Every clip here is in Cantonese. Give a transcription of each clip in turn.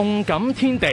動感天地，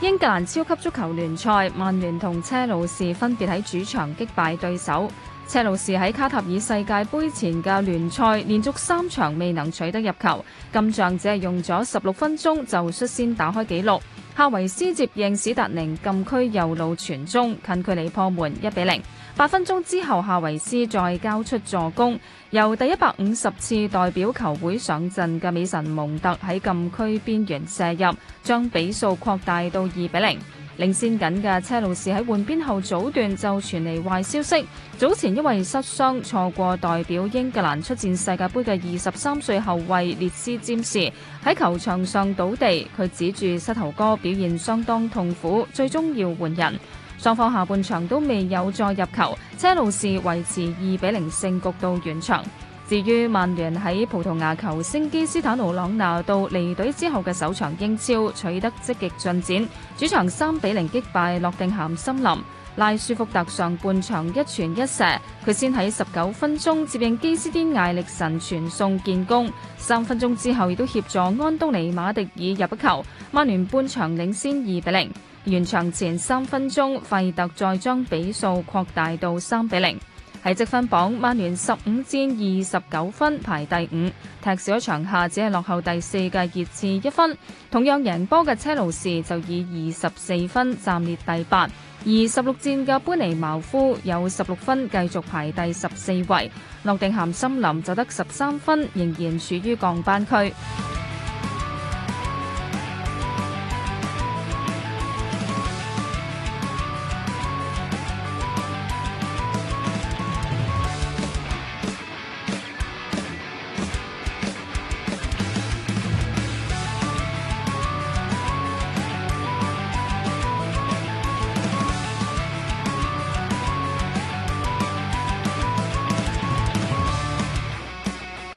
英格蘭超級足球聯賽，曼聯同車路士分別喺主場擊敗對手。車路士喺卡塔爾世界杯前嘅聯賽連續三場未能取得入球，今仗只係用咗十六分鐘就率先打開紀錄。夏維斯接應史達寧禁區右路傳中，近距離破門，一比零。八分鐘之後，夏維斯再交出助攻，由第一百五十次代表球會上陣嘅美神蒙特喺禁區邊緣射入，將比數擴大到二比零。領先緊嘅車路士喺換邊後早段就傳嚟壞消息，早前一位受傷錯過代表英格蘭出戰世界杯嘅二十三歲後衛列斯占士喺球場上倒地，佢指住膝頭哥表現相當痛苦，最終要換人。雙方下半場都未有再入球，車路士維持二比零勝局到完場。至於曼聯喺葡萄牙球星基斯坦奴朗拿度離隊之後嘅首場英超取得積極進展，主場三比零擊敗諾定咸森林。拉舒福特上半場一傳一射，佢先喺十九分鐘接應基斯甸艾歷臣傳送建功，三分鐘之後亦都協助安東尼馬迪爾入一球，曼聯半場領先二比零，完場前三分鐘，費特再將比數擴大到三比零。喺積分榜，曼聯十五戰二十九分排第五，踢少一場下只係落後第四嘅熱刺一分。同樣贏波嘅車路士就以二十四分暫列第八，而十六戰嘅般尼茅夫有十六分繼續排第十四位，諾定咸森林就得十三分，仍然處於降班區。